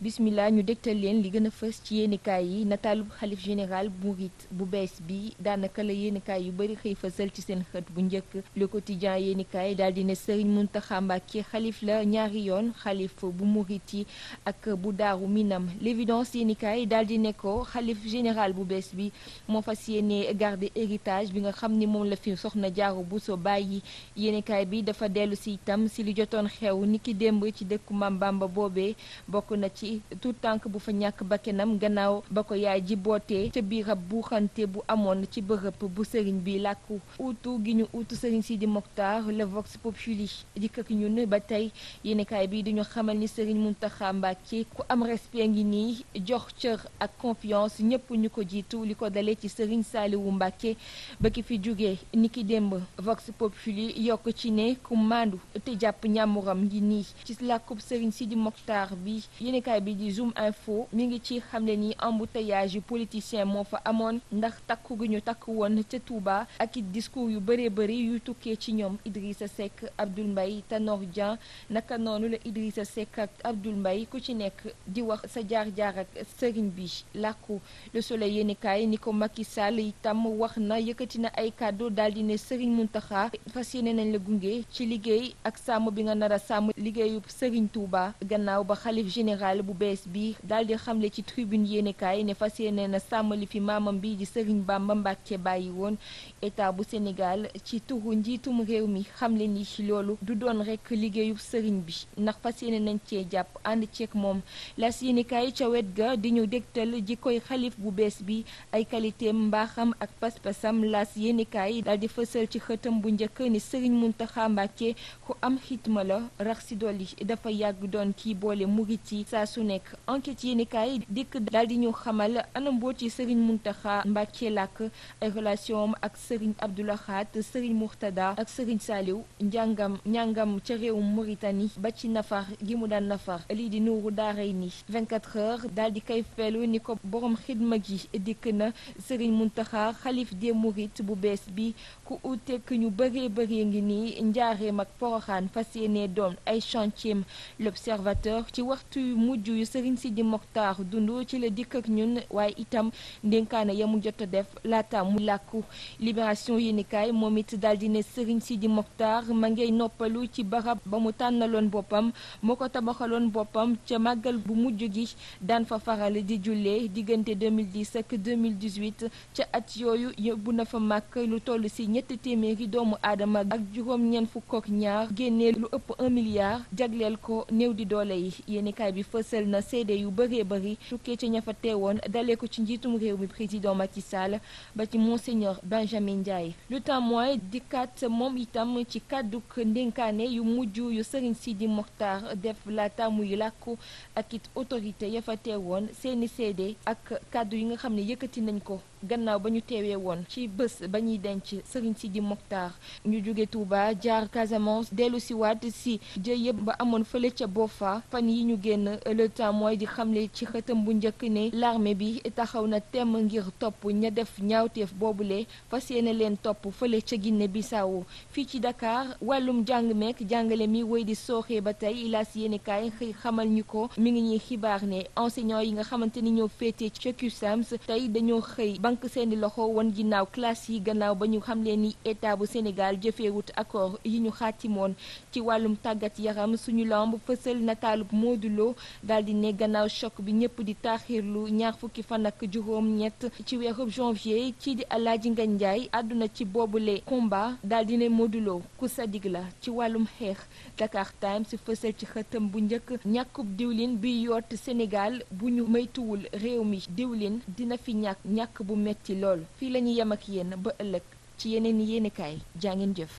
bismillah ñu dégtal leen li gën a fës ci yéenikaay yi nataalu xalif général murit bu bees bi daanaka la yéenikaay yu bari xëy fësal ci seen xët bu njëkk le quotidien yéenikaay daal di ne sëriñ Muntaxa Mbàkke xalif la ñaari yoon xalif bu murit yi ak bu daaru minam l'évidence yéenikaay daal di ne ko xalif général bu bees bi moo fas yéene garder héritage bi nga xam ni moom la fi soxna jaaru bu so bàyyi yéenikaay bi dafa dellu si itam si li jotoon xew niki démb ci dëkku Mame Bamba boobee bokk ci tout tànk bu fa ñàkk bakkenam gannaaw ba ko yaay ji bootee ca biir ab buuxante bu amoon ci bërëb bu sëriñ bi làkku uutu gi ñu uutu sëriñ Sidi Mokhtar le Vox Populi dikk ak ñun ba tey yéenekaay bi duñu xamal ni sëriñ Mountakha Mbacké ku am respect ngi nii jox cër ak confiance ñëpp ñu ko jiitu li ko dalee ci sëriñ Saliwu Mbacké ba ki fi jógee ni ki démb Vox Populi yokk ci ne ku maandu te jàpp ñàmmuram ngi nii ci làkkub sëriñ Sidi Mokhtar bi yéenekaay yéenekaay bi di zoom info mi ngi ci xamle ni embouteillage yu politicien moo fa amoon ndax takku gi ñu takk woon ca Touba ak it discours yu bëree bëri yu tukkee ci ñoom Idrissa Seck Abdoul Mbaye Tanor Dieng naka noonu la Idrissa Seck ak Abdoul mbay ku ci nekk di wax sa jaar-jaar ak sëriñ bi làkku Le Soleil yéenekaay ni ko Macky Sall itam wax na yëkkati na ay kàddu daal di ne sëriñ Mountakha fas yéene nañ la gunge ci liggéey ak sàmm bi nga nar a sàmm liggéeyu sëriñ Touba gannaaw bu bees bi daal di xamle ci tribune yéenekaay ne fas yéene na sàmmali fi maamam bi di Serigne Bamba Mbàkke bàyyi woon état bu Sénégal ci turu njiitum réew mi xamle ni loolu du doon rekk liggéeyub sëriñ bi ndax fas yéene nañ cee jàpp ànd ceeg moom las yéenekaay ca wet ga di ñu dégtal jikkoy xalif bu bees bi ay qualité mbaaxam ak pas-pasam las yéenekaay daal di fësal ci xëtam bu njëkk ni sëriñ Muntaxa Mbàkke ku am xitma la rax si dolli dafa yàgg doon su nekk enquête yéeni kaay dikk daal di ñu xamal anam boo ci Serigne Mountakha Mbacké làkk ay relation am ak Serigne Abdoul Ahad Serigne Mourtada ak Serigne Saliou njàngam njàngam ca réewum Mauritanie ba ci nafar gi mu daan nafar lii di nuuru daaray ni 24 heures daal di kay feelu ni ko borom xidma gi dikk na sëriñ Mountakha xalif des Mourides bu bees bi ku utek ñu bëree bëree ngi ni njaareem ak poroxaan fas yéenee doon ay chantier l'observateur ci waxtu mujj mujj yu Serigne Sidi Mokhtar dund ci la dikk ak ñun waaye itam ndénkaane ya mu jot a def laata mu làkku libération yéenikaay moom it daal di ne Serigne Sidi Mokhtar ma ngay noppalu ci barab ba mu tànnaloon boppam moo ko tabaxaloon boppam ca màggal bu mujj gi daan fa faral di jullee diggante 2010 ak 2018 ca at yooyu yóbbu na fa màkk lu toll si ñett téeméeri doomu aadama ak juróom-ñeent fukk ak ñaar génnee ëpp 1 milliard jagleel ko néew di doole yi yéenikaay bi fësal fësal na seede yu bëree bëri tukkee ci ña fa teewoon dalee ko ci njiitum réew mi président Macky Sall ba ci monseigneur Benjamin Ndiaye le témoin dikkaat moom itam ci kàdduk ndénkaane yu mujj yu Serigne Sidi Mokhtar def laata muy làkku ak it autorité ya fa teewoon seeni seede ak kàddu yi nga xam ne yëkkati nañ ko gannaaw ba ñu teewee woon ci bés ba ñuy denc Serigne Sidi Mokhtar ñu jóge Touba jaar Casamance dellu si waat si jëy yëpp ba amoon fële ca Boffa fan yi ñu génn le mooy di xamle ci xëtam bu njëkk ne larme bi taxaw na temm ngir topp ña def ñaawteef boobule fas yéene leen topp fële ca Guinée Bissau fii ci dakaar wàllum jàng meek jàngale mi wéy di sooxee ba tey laas yéene kaay xamal ñu ko mi ngi ñuy xibaar ne enseignants yi nga xamante ni ñoo féetee ca CUSAMS dañoo xëy banque seeni loxo won ginnaaw classe yi gannaaw ba ñu xamle ni état bu Sénégal jëfeewut accord yi ñu xaatimoon ci wàllum tàggat yaram suñu lamb fësal nataalub Modou Lo daal di ne gannaaw choc bi ñëpp di taaxirlu ñaar fukki fan ak juróom-ñett ci weerub janvier ci di Alaaji nga Ndiaye àdduna ci boobu boobule combat daal di ne Modou Lo ku sadig la ci wàllum xeex Dakar Times fësal ci xëtam bu njëkk ñàkkub diwlin bi yoot Sénégal bu ñu maytuwul réew mi diwlin metti lool fii la ñu yem ak yéen ba ëllëg ci yeneen i yéenekaay jaa ngeen jëf